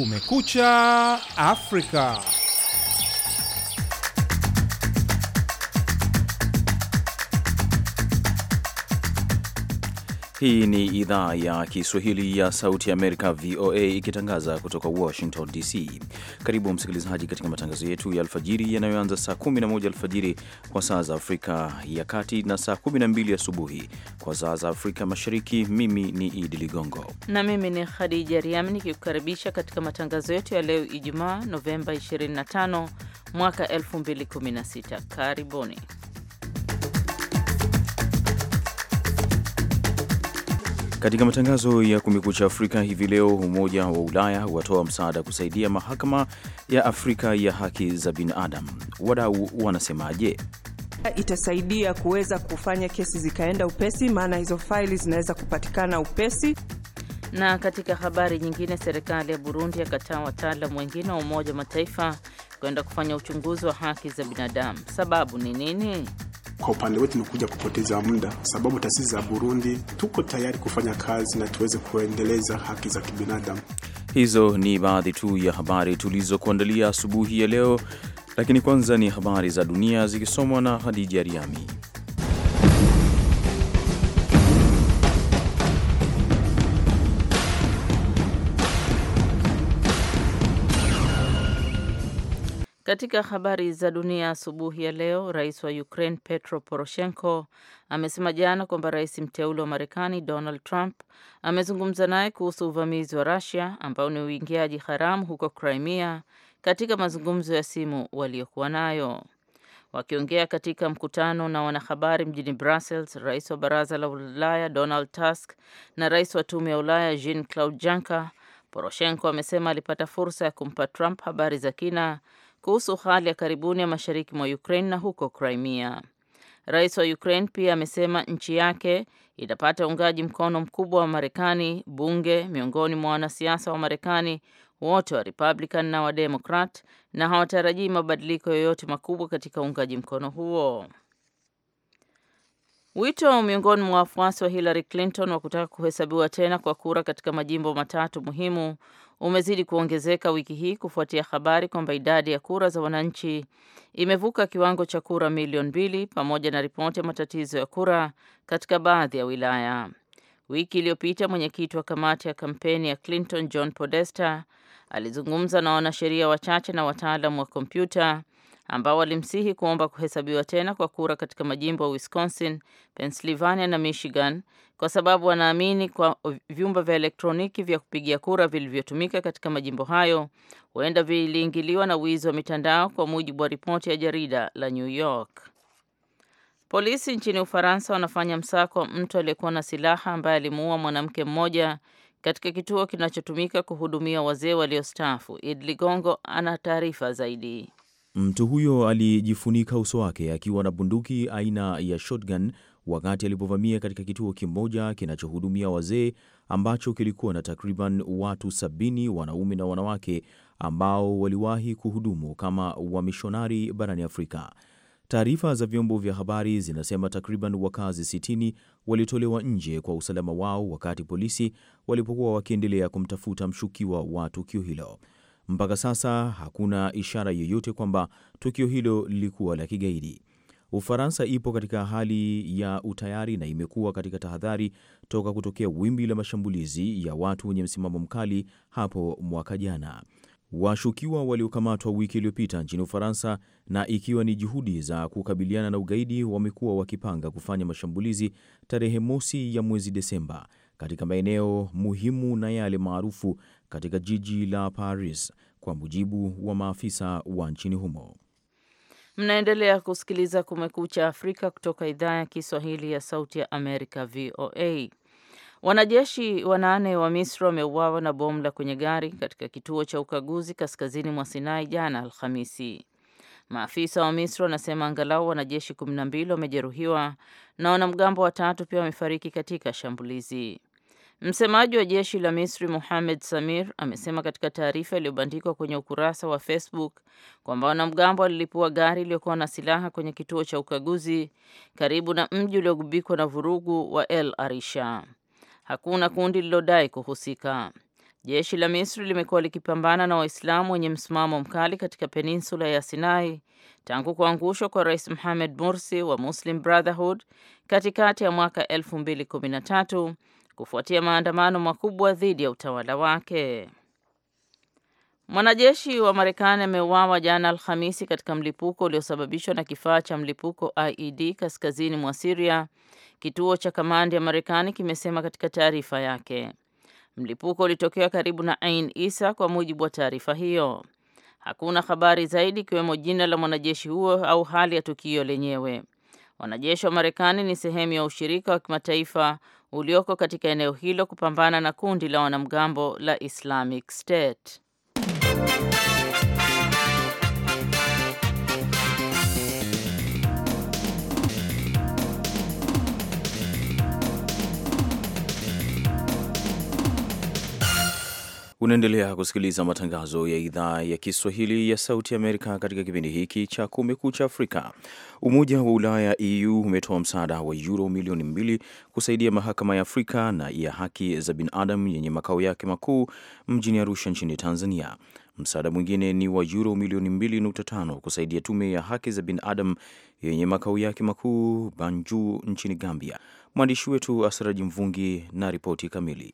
Kumekucha Afrika. Hii ni idhaa ya Kiswahili ya Sauti ya Amerika, VOA, ikitangaza kutoka Washington DC. Karibu msikilizaji katika matangazo yetu ya alfajiri yanayoanza saa 11 alfajiri kwa saa za Afrika ya Kati na saa 12 asubuhi kwa saa za Afrika Mashariki. Mimi ni Idi Ligongo na mimi ni Khadija Riami nikikukaribisha katika matangazo yetu ya leo Ijumaa, Novemba 25 mwaka 2016. Karibuni. Katika matangazo ya Kumekucha Afrika hivi leo, Umoja wa Ulaya watoa msaada kusaidia Mahakama ya Afrika ya Haki za Binadamu. Wadau wanasemaje? Itasaidia kuweza kufanya kesi zikaenda upesi, maana hizo faili zinaweza kupatikana upesi. Na katika habari nyingine, serikali ya Burundi yakataa wataalam wengine wa Umoja wa Mataifa kwenda kufanya uchunguzi wa haki za binadamu. Sababu ni nini? kwa upande wetu ni kuja kupoteza muda, sababu taasisi za Burundi tuko tayari kufanya kazi na tuweze kuendeleza haki za kibinadamu. Hizo ni baadhi tu ya habari tulizokuandalia asubuhi ya leo, lakini kwanza ni habari za dunia zikisomwa na Hadija Riami. Katika habari za dunia asubuhi ya leo, rais wa Ukraine Petro Poroshenko amesema jana kwamba rais mteule wa Marekani Donald Trump amezungumza naye kuhusu uvamizi wa Russia ambao ni uingiaji haramu huko Crimea katika mazungumzo ya simu waliokuwa nayo. Wakiongea katika mkutano na wanahabari mjini Brussels, rais wa baraza la Ulaya Donald Tusk na rais wa tume ya Ulaya Jean Claude Juncker, Poroshenko amesema alipata fursa ya kumpa Trump habari za kina kuhusu hali ya karibuni ya mashariki mwa Ukraine na huko Crimea. Rais wa Ukraine pia amesema nchi yake itapata uungaji mkono mkubwa wa Marekani, bunge, miongoni mwa wanasiasa wa Marekani wote wa Republican na wa Democrat na hawatarajii mabadiliko yoyote makubwa katika uungaji mkono huo. Wito miongoni mwa wafuasi wa Hillary Clinton wa kutaka kuhesabiwa tena kwa kura katika majimbo matatu muhimu umezidi kuongezeka wiki hii kufuatia habari kwamba idadi ya kura za wananchi imevuka kiwango cha kura milioni mbili pamoja na ripoti ya matatizo ya kura katika baadhi ya wilaya. Wiki iliyopita mwenyekiti wa kamati ya kampeni ya Clinton John Podesta alizungumza na wanasheria wachache na wataalam wa kompyuta ambao walimsihi kuomba kuhesabiwa tena kwa kura katika majimbo ya Wisconsin, Pennsylvania na Michigan kwa sababu wanaamini kwa vyumba vya elektroniki vya kupigia kura vilivyotumika katika majimbo hayo huenda viliingiliwa na wizi wa mitandao, kwa mujibu wa ripoti ya jarida la New York. Polisi nchini Ufaransa wanafanya msako wa mtu aliyekuwa na silaha ambaye alimuua mwanamke mmoja katika kituo kinachotumika kuhudumia wazee waliostaafu. id Ligongo ana taarifa zaidi. Mtu huyo alijifunika uso wake akiwa na bunduki aina ya shotgun wakati alipovamia katika kituo kimoja kinachohudumia wazee ambacho kilikuwa na takriban watu sabini wanaume na wanawake ambao waliwahi kuhudumu kama wamishonari barani Afrika. Taarifa za vyombo vya habari zinasema takriban wakazi sitini walitolewa nje kwa usalama wao wakati polisi walipokuwa wakiendelea kumtafuta mshukiwa wa tukio hilo. Mpaka sasa hakuna ishara yoyote kwamba tukio hilo lilikuwa la kigaidi. Ufaransa ipo katika hali ya utayari na imekuwa katika tahadhari toka kutokea wimbi la mashambulizi ya watu wenye msimamo mkali hapo mwaka jana. Washukiwa waliokamatwa wiki iliyopita nchini Ufaransa, na ikiwa ni juhudi za kukabiliana na ugaidi, wamekuwa wakipanga kufanya mashambulizi tarehe mosi ya mwezi Desemba katika maeneo muhimu na yale maarufu katika jiji la Paris kwa mujibu wa maafisa wa nchini humo. Mnaendelea kusikiliza Kumekucha Afrika kutoka idhaa ya Kiswahili ya Sauti ya Amerika, VOA. Wanajeshi wanane wa Misri wameuawa na bomu la kwenye gari katika kituo cha ukaguzi kaskazini mwa Sinai jana Alhamisi. Maafisa wa Misri wanasema angalau wanajeshi 12 wamejeruhiwa na wanamgambo watatu pia wamefariki katika shambulizi. Msemaji wa jeshi la Misri muhamed Samir amesema katika taarifa iliyobandikwa kwenye ukurasa wa Facebook kwamba wanamgambo walilipua gari iliyokuwa na silaha kwenye kituo cha ukaguzi karibu na mji uliogubikwa na vurugu wa El Arisha. Hakuna kundi lililodai kuhusika. Jeshi la Misri limekuwa likipambana na Waislamu wenye msimamo mkali katika peninsula ya Sinai tangu kuangushwa kwa Rais Mohamed Morsi wa Muslim Brotherhood katikati ya mwaka 2013 kufuatia maandamano makubwa dhidi ya utawala wake. Mwanajeshi wa Marekani ameuawa jana Alhamisi katika mlipuko uliosababishwa na kifaa cha mlipuko IED kaskazini mwa Siria, kituo cha kamandi ya Marekani kimesema katika taarifa yake. Mlipuko ulitokea karibu na Ain Isa, kwa mujibu wa taarifa hiyo. Hakuna habari zaidi ikiwemo jina la mwanajeshi huo au hali ya tukio lenyewe. Wanajeshi wa Marekani ni sehemu ya ushirika wa kimataifa ulioko katika eneo hilo kupambana na kundi la wanamgambo la Islamic State. Unaendelea kusikiliza matangazo ya idhaa ya Kiswahili ya Sauti Amerika katika kipindi hiki cha Kumekucha Afrika. Umoja wa Ulaya EU umetoa msaada wa yuro milioni mbili kusaidia mahakama ya Afrika na ya haki za binadamu yenye makao yake makuu mjini Arusha nchini Tanzania. Msaada mwingine ni wa yuro milioni mbili nukta tano kusaidia tume ya haki za binadamu yenye makao yake makuu Banjul nchini Gambia. Mwandishi wetu Asraji Mvungi na ripoti kamili.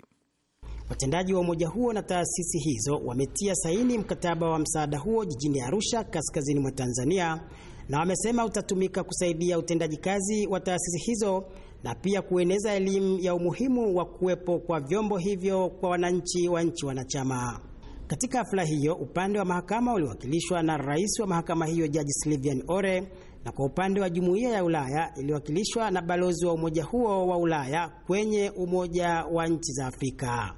Watendaji wa umoja huo na taasisi hizo wametia saini mkataba wa msaada huo jijini Arusha, kaskazini mwa Tanzania, na wamesema utatumika kusaidia utendaji kazi wa taasisi hizo na pia kueneza elimu ya umuhimu wa kuwepo kwa vyombo hivyo kwa wananchi wa nchi wanachama. Katika hafla hiyo, upande wa mahakama uliwakilishwa na rais wa mahakama hiyo Jaji slivian Ore, na kwa upande wa jumuiya ya Ulaya iliwakilishwa na balozi wa umoja huo wa Ulaya kwenye Umoja wa Nchi za Afrika.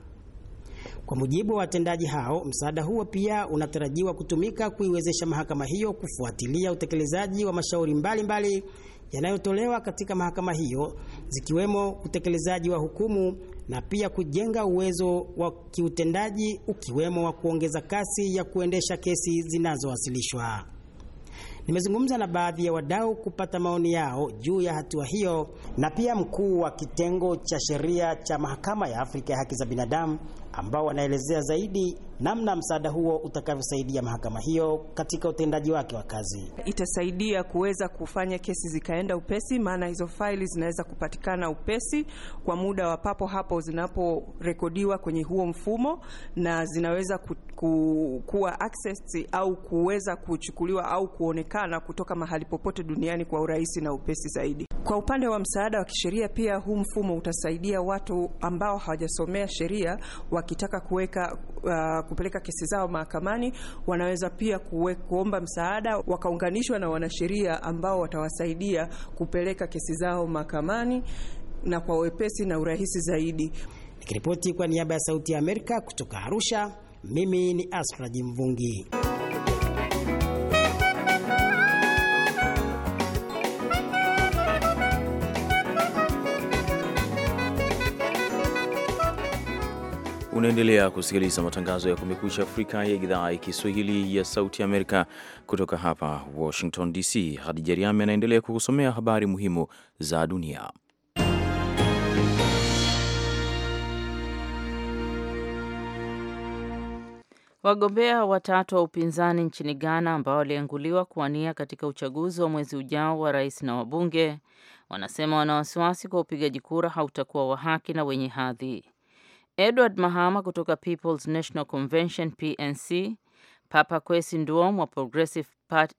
Kwa mujibu wa watendaji hao, msaada huo pia unatarajiwa kutumika kuiwezesha mahakama hiyo kufuatilia utekelezaji wa mashauri mbalimbali yanayotolewa katika mahakama hiyo, zikiwemo utekelezaji wa hukumu na pia kujenga uwezo wa kiutendaji ukiwemo wa kuongeza kasi ya kuendesha kesi zinazowasilishwa. Nimezungumza na baadhi ya wadau kupata maoni yao juu ya hatua hiyo, na pia mkuu wa kitengo cha sheria cha Mahakama ya Afrika ya Haki za Binadamu, ambao wanaelezea zaidi namna msaada huo utakavyosaidia mahakama hiyo katika utendaji wake wa kazi. Itasaidia kuweza kufanya kesi zikaenda upesi, maana hizo faili zinaweza kupatikana upesi kwa muda wa papo hapo zinaporekodiwa kwenye huo mfumo na zinaweza kut ku, kuwa access au kuweza kuchukuliwa au kuonekana kutoka mahali popote duniani kwa urahisi na upesi zaidi. Kwa upande wa msaada wa kisheria pia, huu mfumo utasaidia watu ambao hawajasomea sheria wakitaka kuweka uh, kupeleka kesi zao mahakamani, wanaweza pia kuwe, kuomba msaada wakaunganishwa na wanasheria ambao watawasaidia kupeleka kesi zao mahakamani na kwa wepesi na urahisi zaidi. Nikiripoti kwa niaba ya Sauti ya Amerika kutoka Arusha. Mimi ni Asra Jimvungi. Unaendelea kusikiliza matangazo ya Kumekucha Afrika ya idhaa ya Kiswahili ya Sauti Amerika kutoka hapa Washington DC. Hadija Riame anaendelea kukusomea habari muhimu za dunia. Wagombea watatu wa upinzani nchini Ghana ambao walianguliwa kuwania katika uchaguzi wa mwezi ujao wa rais na wabunge wanasema wana wasiwasi kwa upigaji kura hautakuwa wa haki na wenye hadhi. Edward Mahama kutoka People's National Convention PNC Papa Kwesi Nduom wa Progressive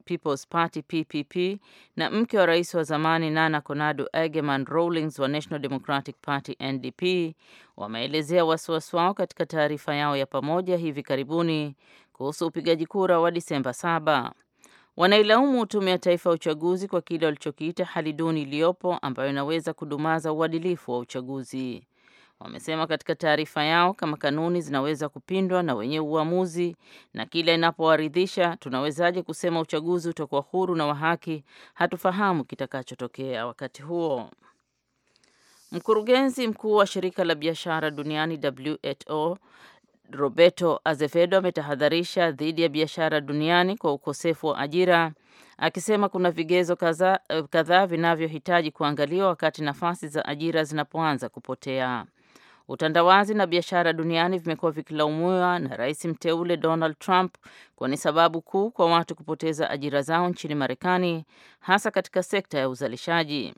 People's Party PPP na mke wa rais wa zamani Nana Konadu egeman Rawlings wa National Democratic Party NDP wameelezea wasiwasi wao katika taarifa yao ya pamoja hivi karibuni kuhusu upigaji kura wa Disemba saba. Wanailaumu Tume ya Taifa ya Uchaguzi kwa kile walichokiita hali duni iliyopo ambayo inaweza kudumaza uadilifu wa uchaguzi. Wamesema katika taarifa yao kama kanuni zinaweza kupindwa na wenye uamuzi na kila inapowaridhisha, tunawezaje kusema uchaguzi utakuwa huru na wa haki? Hatufahamu kitakachotokea wakati huo. Mkurugenzi mkuu wa shirika la biashara duniani WTO Roberto Azevedo ametahadharisha dhidi ya biashara duniani kwa ukosefu wa ajira, akisema kuna vigezo kadhaa eh, vinavyohitaji kuangaliwa wakati nafasi za ajira zinapoanza kupotea. Utandawazi na biashara duniani vimekuwa vikilaumiwa na rais mteule Donald Trump kuwa ni sababu kuu kwa watu kupoteza ajira zao nchini Marekani, hasa katika sekta ya uzalishaji.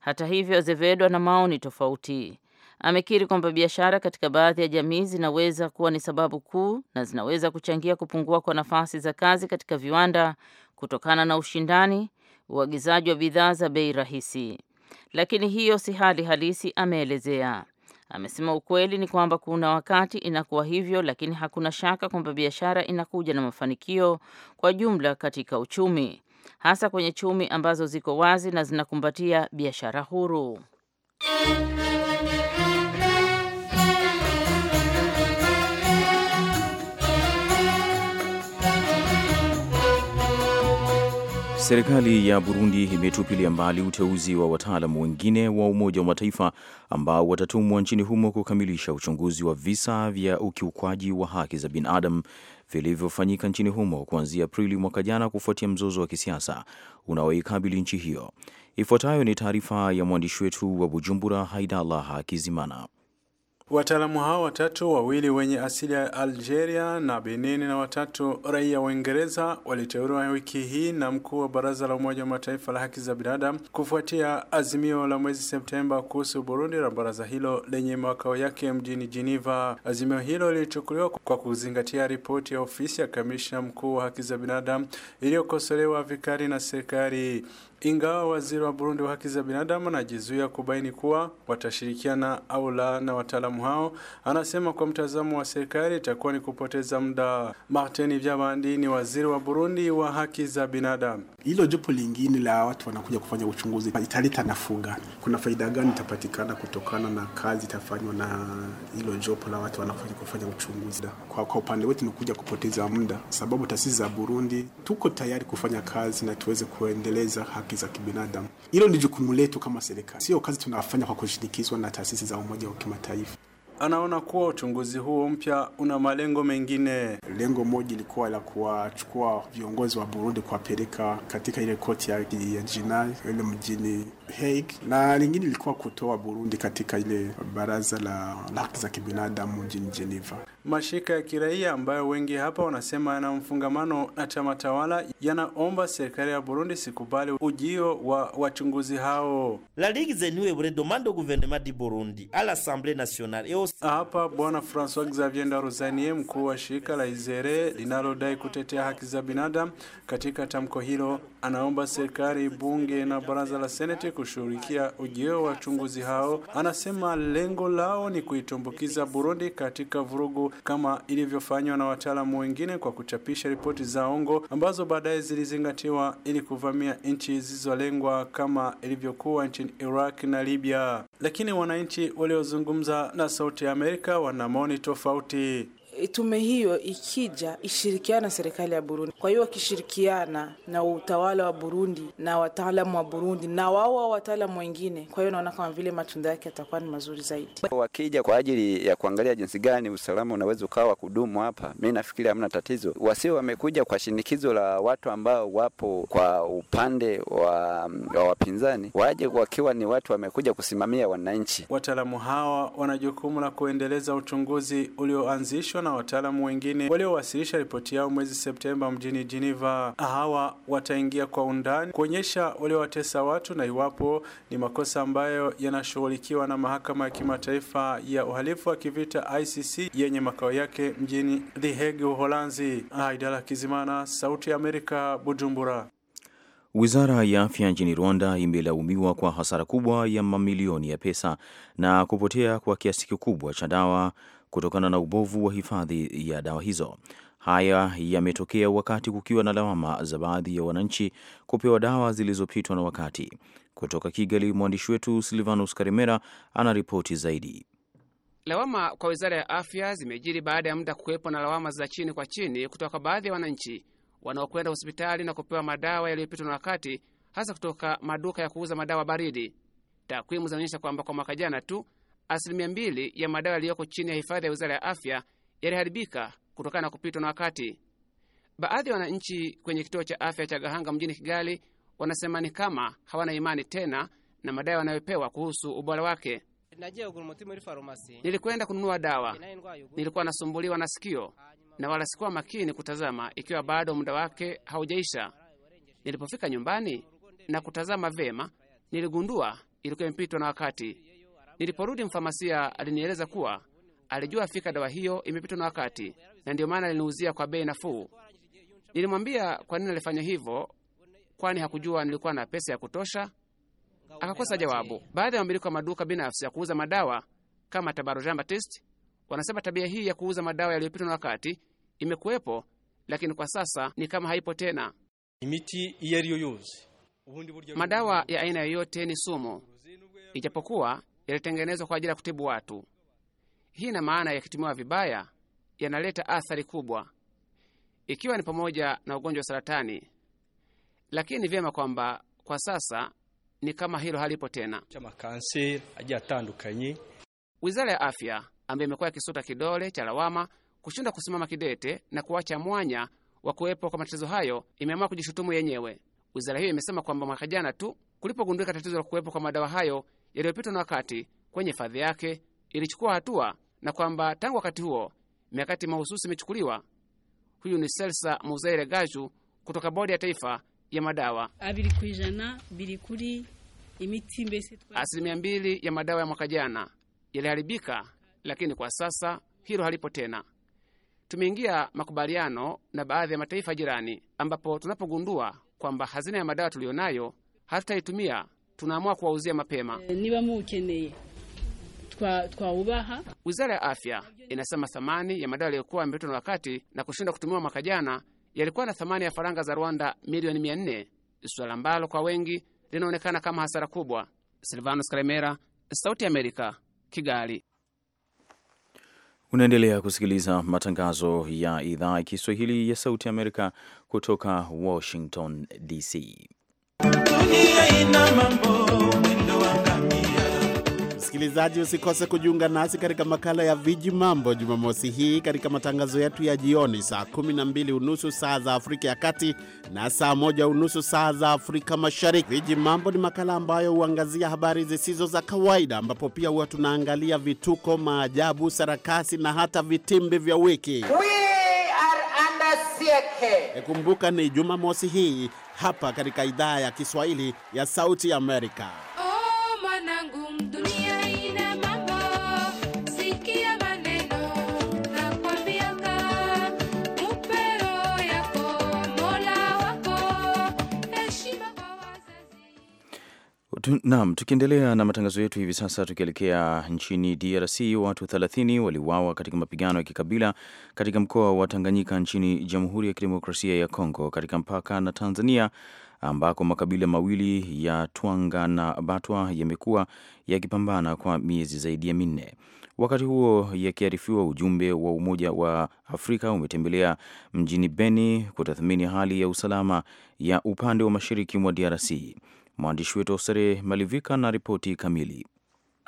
Hata hivyo, Azevedo ana maoni tofauti. Amekiri kwamba biashara katika baadhi ya jamii zinaweza kuwa ni sababu kuu na zinaweza kuchangia kupungua kwa nafasi za kazi katika viwanda kutokana na ushindani, uagizaji wa bidhaa za bei rahisi, lakini hiyo si hali halisi, ameelezea. Amesema ukweli ni kwamba kuna wakati inakuwa hivyo, lakini hakuna shaka kwamba biashara inakuja na mafanikio kwa jumla katika uchumi, hasa kwenye chumi ambazo ziko wazi na zinakumbatia biashara huru. Serikali ya Burundi imetupilia mbali uteuzi wa wataalamu wengine wa Umoja wa Mataifa ambao watatumwa nchini humo kukamilisha uchunguzi wa visa vya ukiukwaji wa haki za binadamu vilivyofanyika nchini humo kuanzia Aprili mwaka jana kufuatia mzozo wa kisiasa unaoikabili nchi hiyo. Ifuatayo ni taarifa ya mwandishi wetu wa Bujumbura, Haidallah Hakizimana. Wataalamu hao watatu, wawili wenye asili ya Algeria na Benin na watatu raia wa Uingereza, waliteuliwa wiki hii na mkuu wa Baraza la Umoja wa Mataifa la Haki za Binadamu kufuatia azimio la mwezi Septemba kuhusu Burundi la baraza hilo lenye makao yake mjini Geneva. Azimio hilo lilichukuliwa kwa kuzingatia ripoti ya ofisi ya kamishna mkuu wa haki za binadamu iliyokosolewa vikali na serikali ingawa waziri wa Burundi wa haki za binadamu anajizuia kubaini kuwa watashirikiana au la na wataalamu hao, anasema kwa mtazamo wa serikali itakuwa ni kupoteza muda. Martin Vyabandi ni waziri wa Burundi wa haki za binadamu. Hilo jopo lingine la watu wanakuja kufanya uchunguzi italeta nafuga, Kuna faida gani itapatikana kutokana na kazi itafanywa na hilo jopo la watu wanafanya kufanya uchunguzi? Kwa, kwa upande wetu ni kuja kupoteza muda, sababu taasisi za Burundi tuko tayari kufanya kazi na tuweze kuendeleza haki haki za kibinadamu. Hilo ni jukumu letu kama serikali, sio kazi tunafanya kwa kushinikizwa na taasisi za Umoja wa Kimataifa. Anaona kuwa uchunguzi huo mpya una malengo mengine. Lengo moja ilikuwa la kuwachukua viongozi wa Burundi kuwapeleka katika ile koti ya, ya jinai ile mjini Hague, na lingine ilikuwa kutoa Burundi katika ile baraza la haki za kibinadamu mjini Geneva. Mashirika ya kiraia ambayo wengi hapa wanasema yana mfungamano na chama tawala yanaomba serikali ya Burundi sikubali ujio wa wachunguzi hao. La Ligue Zeniwebure demande au gouvernement du Burundi à l'Assemblée nationale et hapa Bwana Francois Xavier Ndaruzanie, mkuu wa shirika la Izere linalodai kutetea haki za binadamu, katika tamko hilo anaomba serikali, bunge na baraza la seneti kushughulikia ujio wa wachunguzi hao. Anasema lengo lao ni kuitumbukiza Burundi katika vurugu kama ilivyofanywa na wataalamu wengine kwa kuchapisha ripoti za ongo ambazo baadaye zilizingatiwa ili kuvamia nchi zilizolengwa kama ilivyokuwa nchini Iraq na Libya. Lakini wananchi waliozungumza na Sauti ya Amerika wana maoni tofauti tume hiyo ikija ishirikiana na serikali ya Burundi. Kwa hiyo wakishirikiana na utawala wa Burundi na wataalamu wa Burundi na wao wa wataalamu wengine, kwa hiyo naona kama vile matunda yake yatakuwa ni mazuri zaidi. Wakija kwa ajili ya kuangalia jinsi gani usalama unaweza ukawa kudumu hapa, mimi nafikiri hamna tatizo. Wasio wamekuja kwa shinikizo la watu ambao wapo kwa upande wa, wa wapinzani, waje wakiwa ni watu wamekuja kusimamia wananchi. Wataalamu hawa wana jukumu la kuendeleza uchunguzi ulioanzishwa na wataalamu wengine waliowasilisha ripoti yao mwezi Septemba mjini Geneva. Hawa wataingia kwa undani kuonyesha waliowatesa watu na iwapo ni makosa ambayo yanashughulikiwa na mahakama ya kimataifa ya uhalifu wa kivita ICC yenye makao yake mjini The Hague, Uholanzi. Aidala Kizimana, Sauti ya Amerika, Bujumbura. Wizara ya afya nchini Rwanda imelaumiwa kwa hasara kubwa ya mamilioni ya pesa na kupotea kwa kiasi kikubwa cha dawa kutokana na ubovu wa hifadhi ya dawa hizo. Haya yametokea wakati kukiwa na lawama za baadhi ya wananchi kupewa dawa zilizopitwa na wakati. Kutoka Kigali, mwandishi wetu Silvanus Karimera ana ripoti zaidi. Lawama kwa wizara ya afya zimejiri baada ya muda kuwepo na lawama za chini kwa chini kutoka kwa baadhi ya wananchi wanaokwenda hospitali na kupewa madawa yaliyopitwa na wakati, hasa kutoka maduka ya kuuza madawa baridi. Takwimu zinaonyesha kwamba kwa mwaka jana tu asilimia mbili ya madawa yaliyoko chini ya hifadhi ya wizara ya afya yaliharibika kutokana na kupitwa na wakati. Baadhi ya wananchi kwenye kituo cha afya cha Gahanga mjini Kigali wanasema ni kama hawana imani tena na madawa wanayopewa kuhusu ubora wake. Nilikwenda kununua dawa, nilikuwa nasumbuliwa na sikio na wala sikuwa makini kutazama ikiwa bado muda wake haujaisha. Nilipofika nyumbani na kutazama vema, niligundua ilikuwa imepitwa na wakati. Niliporudi, mfamasia alinieleza kuwa alijua afika dawa hiyo imepitwa na wakati na ndiyo maana aliniuzia kwa bei nafuu. Nilimwambia kwa nini alifanya hivyo, kwani hakujua nilikuwa na pesa ya kutosha. Akakosa jawabu. Baadhi ya wamiliki wa maduka binafsi ya kuuza madawa kama Tabaro Jean Baptiste wanasema tabia hii ya kuuza madawa yaliyopitwa na wakati imekuwepo, lakini kwa sasa ni kama haipo tena. Imiti madawa ya aina yoyote ni sumu, ijapokuwa yalitengenezwa kwa ajili ya kutibu watu. Hii ina maana yakitumiwa vibaya yanaleta athari kubwa, ikiwa ni pamoja na ugonjwa wa saratani. Lakini ni vyema kwamba kwa sasa ni kama hilo halipo tena. Wizara ya Afya ambayo imekuwa ikisuta kidole cha lawama kushindwa kusimama kidete na kuacha mwanya wa kuwepo kwa matatizo hayo, imeamua kujishutumu yenyewe. Wizara hiyo imesema kwamba mwaka jana tu kulipogundulika tatizo la kuwepo kwa madawa hayo yaliyopitwa na wakati kwenye hifadhi yake ilichukua hatua na kwamba tangu wakati huo mikakati mahususi imechukuliwa. Huyu ni Selsa Muzaire Gaju kutoka Bodi ya Taifa ya Madawa. Asilimia mbili ya madawa ya mwaka jana yaliharibika, lakini kwa sasa hilo halipo tena. Tumeingia makubaliano na baadhi ya mataifa jirani, ambapo tunapogundua kwamba hazina ya madawa tuliyo nayo hatutaitumia tunaamua kuwauzia mapema. Eh, Wizara ya Afya inasema thamani ya madawa yaliyokuwa yamepitwa na wakati na kushindwa kutumiwa mwaka jana yalikuwa na thamani ya faranga za Rwanda milioni 400, swala ambalo kwa wengi linaonekana kama hasara kubwa. Silvanus Karemera, Sauti ya Amerika, Kigali. Unaendelea kusikiliza matangazo ya idhaa ya Kiswahili ya Sauti ya Amerika kutoka Washington DC. Msikilizaji, usikose kujiunga nasi katika makala ya Viji Mambo Jumamosi hii katika matangazo yetu ya jioni saa 12 unusu saa za Afrika ya Kati na saa moja unusu saa za Afrika Mashariki. Viji Mambo ni makala ambayo huangazia habari zisizo za kawaida, ambapo pia huwa tunaangalia vituko, maajabu, sarakasi na hata vitimbi vya wiki. Kumbuka ni Jumamosi hii hapa katika idhaa ya Kiswahili ya Sauti Amerika. Tu, naam, tukiendelea na matangazo yetu hivi sasa tukielekea nchini DRC, watu 30 waliuawa katika mapigano ya kikabila katika mkoa wa Tanganyika nchini Jamhuri ya Kidemokrasia ya Kongo katika mpaka na Tanzania ambako makabila mawili ya Twanga na Batwa yamekuwa yakipambana kwa miezi zaidi ya minne. Wakati huo yakiarifiwa, ujumbe wa Umoja wa Afrika umetembelea mjini Beni kutathmini hali ya usalama ya upande wa mashariki mwa DRC. Mwandishi wetu Osere Malivika na ripoti kamili.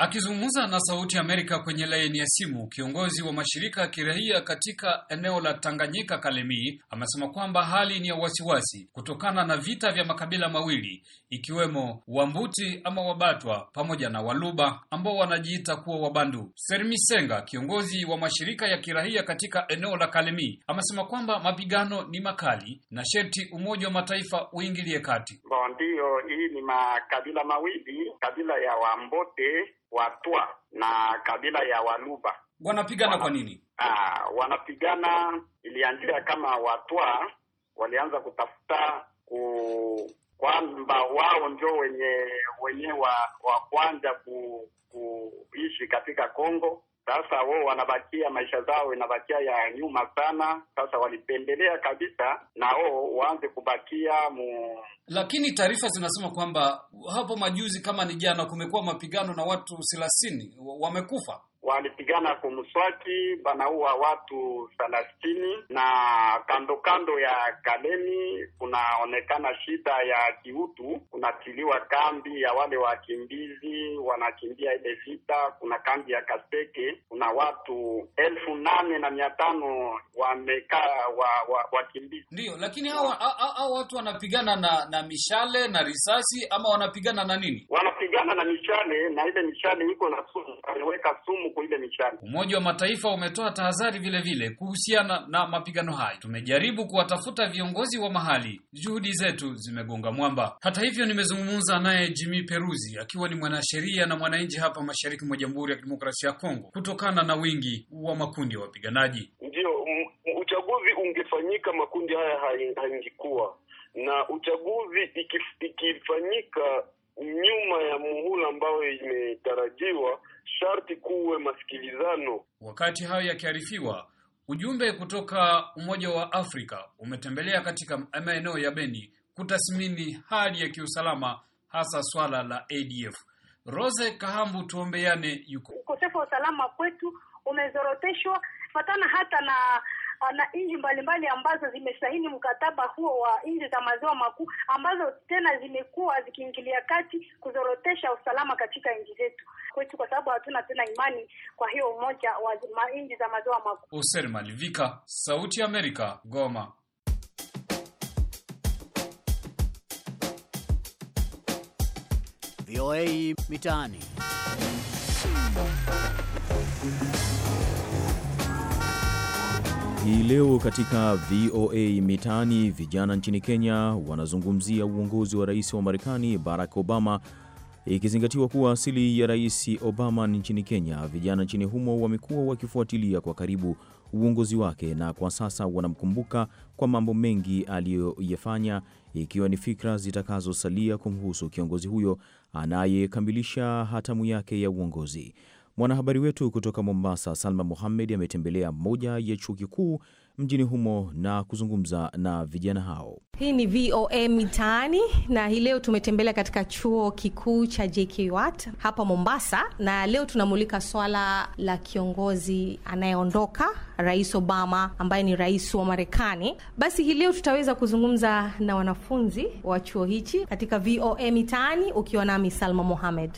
Akizungumza na Sauti ya Amerika kwenye laini ya simu, kiongozi wa mashirika ya kiraia katika eneo la Tanganyika Kalemie amesema kwamba hali ni ya wasiwasi kutokana na vita vya makabila mawili ikiwemo Wambuti ama Wabatwa pamoja na Waluba ambao wanajiita kuwa Wabandu. Sermisenga, kiongozi wa mashirika ya kiraia katika eneo la Kalemie, amesema kwamba mapigano ni makali na sherti Umoja wa Mataifa uingilie kati. Ndiyo, hii ni makabila mawili, kabila ya Wambote Watwa na kabila ya Waluba wanapigana. Wana, kwa nini aa, ah, wanapigana? Ilianzia kama Watwa walianza kutafuta ku kwamba wao ndio wenye wenye wa, wa kwanza ku, kuishi katika Kongo sasa wao wanabakia maisha zao inabakia ya nyuma sana. Sasa walipendelea kabisa na wao waanze kubakia mu... Lakini taarifa zinasema kwamba hapo majuzi, kama ni jana, kumekuwa mapigano na watu thelathini wamekufa walipigana kumswaki, banaua watu thelathini, na kando kando ya Kalemi kunaonekana shida ya kiutu. Kunatiliwa kambi ya wale wakimbizi wanakimbia ile vita. Kuna kambi ya Kaseke, kuna watu elfu nane na mia tano wamekaa wakimbizi wa, wa ndio. Lakini hawa hawa watu wanapigana na, na mishale na risasi ama wanapigana na nini? Wanapigana na mishale na ile mishale iko na sumu, wameweka sumu kufaulu kwa ile michuano. Umoja wa Mataifa umetoa tahadhari vile vile kuhusiana na mapigano hayo. Tumejaribu kuwatafuta viongozi wa mahali, juhudi zetu zimegonga mwamba. Hata hivyo, nimezungumza naye Jimmy Peruzi akiwa ni mwanasheria na mwananchi hapa mashariki mwa Jamhuri ya Kidemokrasia ya Kongo, kutokana na wingi wa makundi ya wa wapiganaji. ndio uchaguzi ungefanyika makundi haya haingekuwa na uchaguzi ikifanyika nyuma ya muhula ambayo imetarajiwa sharti kuwe masikilizano. Wakati hayo yakiarifiwa, ujumbe kutoka Umoja wa Afrika umetembelea katika maeneo ya Beni kutathmini hali ya kiusalama, hasa swala la ADF. Rose Kahambu, tuombeane yuko. Ukosefu wa usalama kwetu umezoroteshwa fatana hata na nchi mbalimbali ambazo zimesaini mkataba huo wa nchi za maziwa makuu, ambazo tena zimekuwa zikiingilia kati kuzorotesha usalama katika nchi zetu kwetu, kwa sababu hatuna tena imani kwa hiyo umoja wa nchi za maziwa makuu. Malivika, Sauti ya Amerika, Goma. VOA Mitaani. Hii leo katika VOA Mitaani, vijana nchini Kenya wanazungumzia uongozi wa rais wa Marekani Barack Obama, ikizingatiwa kuwa asili ya Rais Obama nchini Kenya. Vijana nchini humo wamekuwa wakifuatilia kwa karibu uongozi wake na kwa sasa wanamkumbuka kwa mambo mengi aliyoyafanya, ikiwa ni fikra zitakazosalia kumhusu kiongozi huyo anayekamilisha hatamu yake ya uongozi. Mwanahabari wetu kutoka Mombasa, Salma Muhammed, ametembelea moja ya chuo kikuu mjini humo na kuzungumza na vijana hao. Hii ni VOA Mitaani na hii leo tumetembelea katika chuo kikuu cha JKUAT hapa Mombasa, na leo tunamulika swala la kiongozi anayeondoka Rais Obama ambaye ni rais wa Marekani. Basi hii leo tutaweza kuzungumza na wanafunzi wa chuo hichi katika VOA Mitaani, ukiwa nami Salma Mohamed.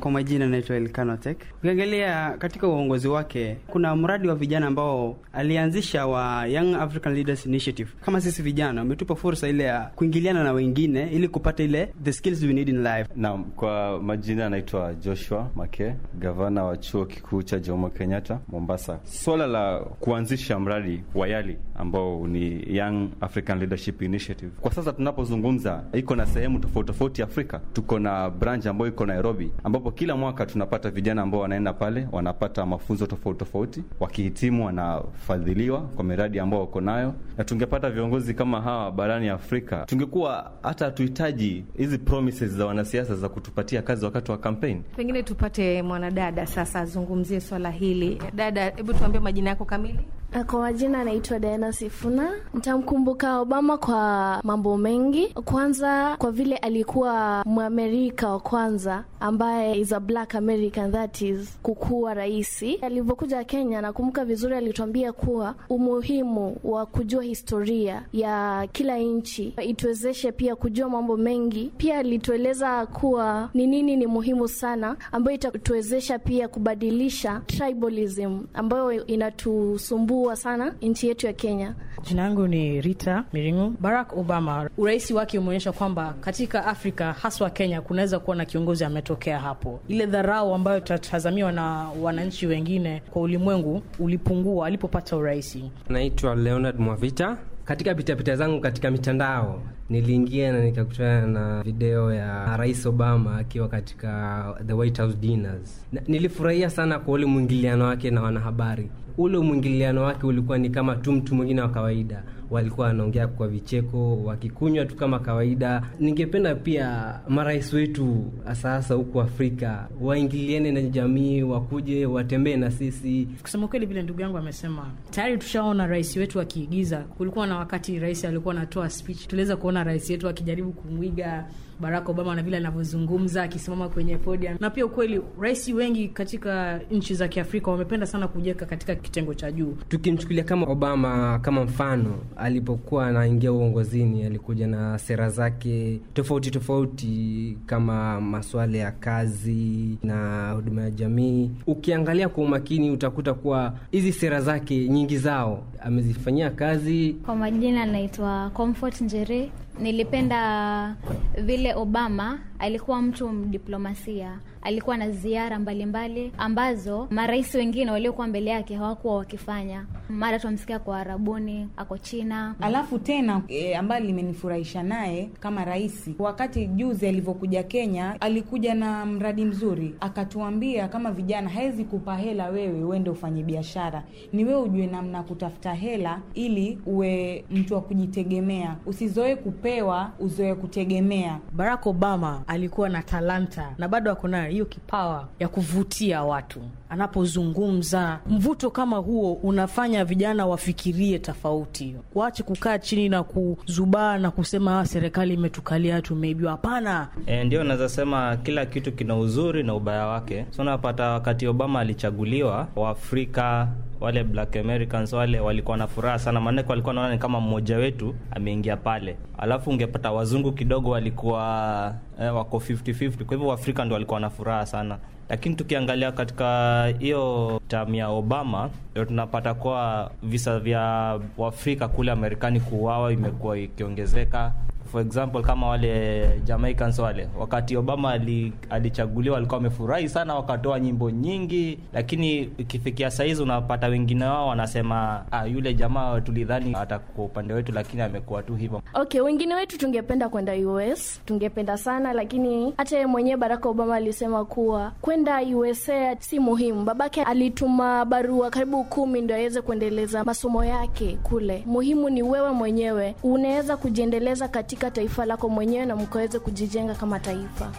Kwa majina naitwa Elkanotek. Ukiangalia katika uongozi wake, kuna mradi wa vijana ambao alianzisha wa Young African Leaders Initiative. Kama sisi vijana, umetupa fursa ile ya kuingiliana na wengine ili kupata ile the skills we need in life. Naam, kwa majina anaitwa Joshua Make, gavana wa chuo kikuu cha Jomo Kenyatta Mombasa. Swala la kuanzisha mradi wa YALI ambao ni Young African Leadership Initiative, kwa sasa tunapozungumza iko na sehemu tofauti tofauti Afrika. Tuko na branch ambayo iko Nairobi ambapo ambapo kila mwaka tunapata vijana ambao wanaenda pale wanapata mafunzo tofauti tofauti, wakihitimu wanafadhiliwa kwa miradi ambao wako nayo, na tungepata viongozi kama hawa barani Afrika, tungekuwa hata hatuhitaji hizi promises za wanasiasa za kutupatia kazi wakati wa kampeni. Pengine tupate mwanadada sasa azungumzie swala hili. Dada, hebu tuambie majina yako kamili. Kwa majina anaitwa Diana Sifuna. ntamkumbuka Obama kwa mambo mengi. Kwanza kwa vile alikuwa Mwamerika wa kwanza ambaye is a black American that is kukuwa raisi. Alivyokuja Kenya, nakumbuka vizuri, alituambia kuwa umuhimu wa kujua historia ya kila nchi ituwezeshe pia kujua mambo mengi. Pia alitueleza kuwa ni nini ni muhimu sana, ambayo itatuwezesha pia kubadilisha tribalism ambayo inatusumbua kubwa sana nchi yetu ya Kenya. Jina langu ni Rita Miringu. Barack Obama, urais wake umeonyesha kwamba katika Afrika haswa Kenya kunaweza kuwa na kiongozi ametokea hapo. Ile dharau ambayo tatazamiwa na wananchi wengine kwa ulimwengu ulipungua alipopata urais. Naitwa Leonard Mwavita katika pitapita zangu katika mitandao niliingia na nikakutana na video ya Rais Obama akiwa katika the White House dinners. Nilifurahia sana kwa ule mwingiliano wake na wanahabari. Ule mwingiliano wake ulikuwa ni kama tu mtu mwingine wa kawaida walikuwa wanaongea kwa vicheko, wakikunywa tu kama kawaida. Ningependa pia marais wetu sasa huku Afrika waingiliane na jamii, wakuje watembee na sisi. Kusema kweli, vile ndugu yangu amesema, tayari tushaona rais wetu akiigiza. Kulikuwa na wakati rais alikuwa anatoa speech, tuliweza kuona rais yetu akijaribu kumwiga Barack Obama na vile anavyozungumza akisimama kwenye podium, na pia ukweli, rais wengi katika nchi za Kiafrika wamependa sana kujiweka katika kitengo cha juu. Tukimchukulia kama Obama kama mfano, alipokuwa anaingia uongozini, alikuja na sera zake tofauti tofauti kama masuala ya kazi na huduma ya jamii. Ukiangalia kwa umakini, utakuta kuwa hizi sera zake nyingi zao amezifanyia kazi. Kwa majina anaitwa Comfort Njere nilipenda vile Obama alikuwa mtu mdiplomasia, alikuwa na ziara mbalimbali mbali, ambazo marais wengine waliokuwa mbele yake hawakuwa wakifanya. Mara tuamsikia kwa Arabuni, ako China. Alafu tena e, ambalo limenifurahisha naye kama rais, wakati juzi alivyokuja Kenya, alikuja na mradi mzuri, akatuambia kama vijana, hawezi kupa hela wewe uende ufanye biashara, ni wewe ujue namna kutafuta hela ili uwe mtu wa kujitegemea, usizoe kupewa, uzoe kutegemea. Barack Obama alikuwa na talanta na bado ako nayo hiyo kipawa ya kuvutia watu anapozungumza. Mvuto kama huo unafanya vijana wafikirie tofauti, waache kukaa chini na kuzubaa na kusema ah, serikali imetukalia, tumeibiwa. Hapana. E, ndio naweza sema kila kitu kina uzuri na ubaya wake. So napata wakati Obama alichaguliwa, Waafrika wale black Americans wale walikuwa na furaha sana, maanake walikuwa naona ni kama mmoja wetu ameingia pale. Alafu ungepata wazungu kidogo walikuwa eh, wako 50-50. Kwa hivyo Waafrika ndo walikuwa na furaha sana. Lakini tukiangalia katika hiyo tamu ya Obama, ndio tunapata kuwa visa vya wafrika kule amerikani kuuawa imekuwa ikiongezeka for example kama wale Jamaicans wale, wakati Obama ali, alichaguliwa walikuwa wamefurahi sana, wakatoa nyimbo nyingi, lakini ikifikia saizi unapata wengine wao wanasema ah, yule jamaa tulidhani atakuwa upande wetu, lakini amekuwa tu hivyo. Okay, wengine wetu tungependa kwenda US, tungependa sana, lakini hata yeye mwenyewe Barack Obama alisema kuwa kwenda USA si muhimu. Babake alituma barua karibu kumi ndio aweze kuendeleza masomo yake kule. Muhimu ni wewe mwenyewe, unaweza kujiendeleza katika katika taifa lako mwenyewe na mkaweze kujijenga kama taifa.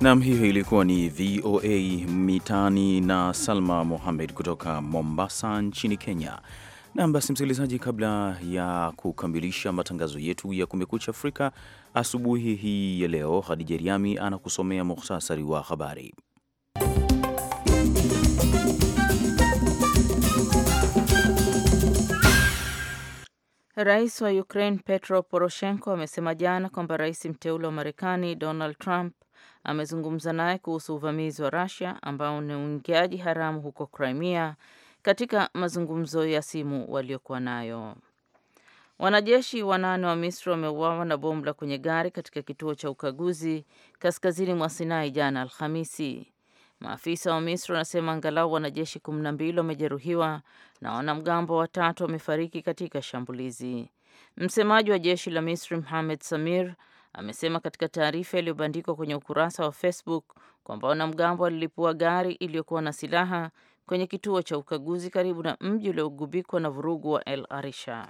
Nam, hiyo ilikuwa ni VOA Mitaani na Salma Mohamed kutoka Mombasa nchini Kenya. Nam, basi msikilizaji, kabla ya kukamilisha matangazo yetu ya Kumekucha Afrika asubuhi hii ya leo, Hadija Riami anakusomea muhtasari wa habari. Rais wa Ukraine Petro Poroshenko amesema jana kwamba rais mteule wa Marekani Donald Trump amezungumza naye kuhusu uvamizi wa Russia ambao ni uingiaji haramu huko Crimea katika mazungumzo ya simu waliokuwa nayo. Wanajeshi wanane wa Misri wameuawa na bomu la kwenye gari katika kituo cha ukaguzi kaskazini mwa Sinai jana Alhamisi. Maafisa wa Misri wanasema angalau wanajeshi kumi na mbili wamejeruhiwa na wanamgambo watatu wamefariki katika shambulizi. Msemaji wa jeshi la Misri Mohamed Samir amesema katika taarifa iliyobandikwa kwenye ukurasa wa Facebook kwamba wanamgambo walilipua gari iliyokuwa na silaha kwenye kituo cha ukaguzi karibu na mji uliogubikwa na vurugu wa El Arisha.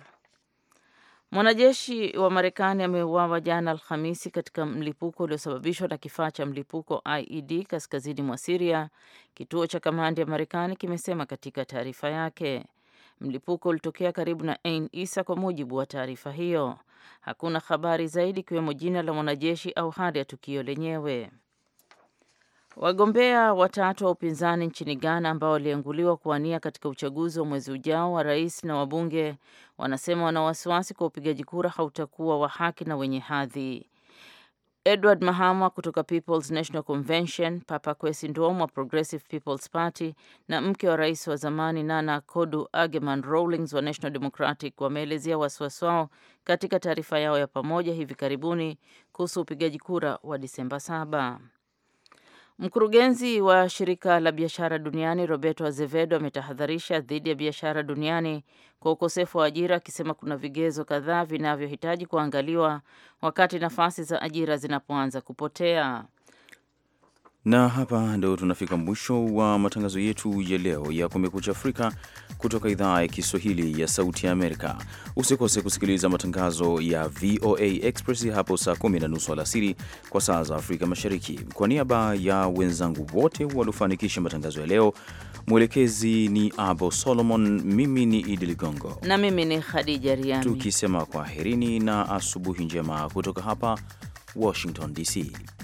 Mwanajeshi wa Marekani ameuawa jana Alhamisi katika mlipuko uliosababishwa na kifaa cha mlipuko IED kaskazini mwa Siria, kituo cha kamandi ya Marekani kimesema katika taarifa yake. Mlipuko ulitokea karibu na Ain Isa, kwa mujibu wa taarifa hiyo. Hakuna habari zaidi ikiwemo jina la mwanajeshi au hali ya tukio lenyewe. Wagombea watatu wa upinzani nchini Ghana ambao walianguliwa kuwania katika uchaguzi wa mwezi ujao wa rais na wabunge wanasema wana wasiwasi kwa upigaji kura hautakuwa wa haki na wenye hadhi. Edward Mahama kutoka People's National Convention, Papa Kwesi Ndom wa Progressive People's Party na mke wa rais wa zamani Nana Kodu Ageman Rawlings wa National Democratic wameelezea wasiwasi wao katika taarifa yao ya pamoja hivi karibuni kuhusu upigaji kura wa Disemba saba. Mkurugenzi wa shirika la biashara duniani Roberto Azevedo ametahadharisha dhidi ya biashara duniani kwa ukosefu wa ajira, akisema kuna vigezo kadhaa vinavyohitaji kuangaliwa wakati nafasi za ajira zinapoanza kupotea. Na hapa ndo tunafika mwisho wa matangazo yetu ya leo ya Kumekucha Afrika kutoka idhaa ya Kiswahili ya Sauti ya Amerika. Usikose kusikiliza matangazo ya VOA Express hapo saa kumi na nusu alasiri kwa saa za Afrika Mashariki. Kwa niaba ya wenzangu wote waliofanikisha matangazo ya leo, mwelekezi ni Abo Solomon, mimi ni Idi Ligongo na mimi ni Khadija Riami, tukisema kwaherini na asubuhi njema kutoka hapa Washington DC.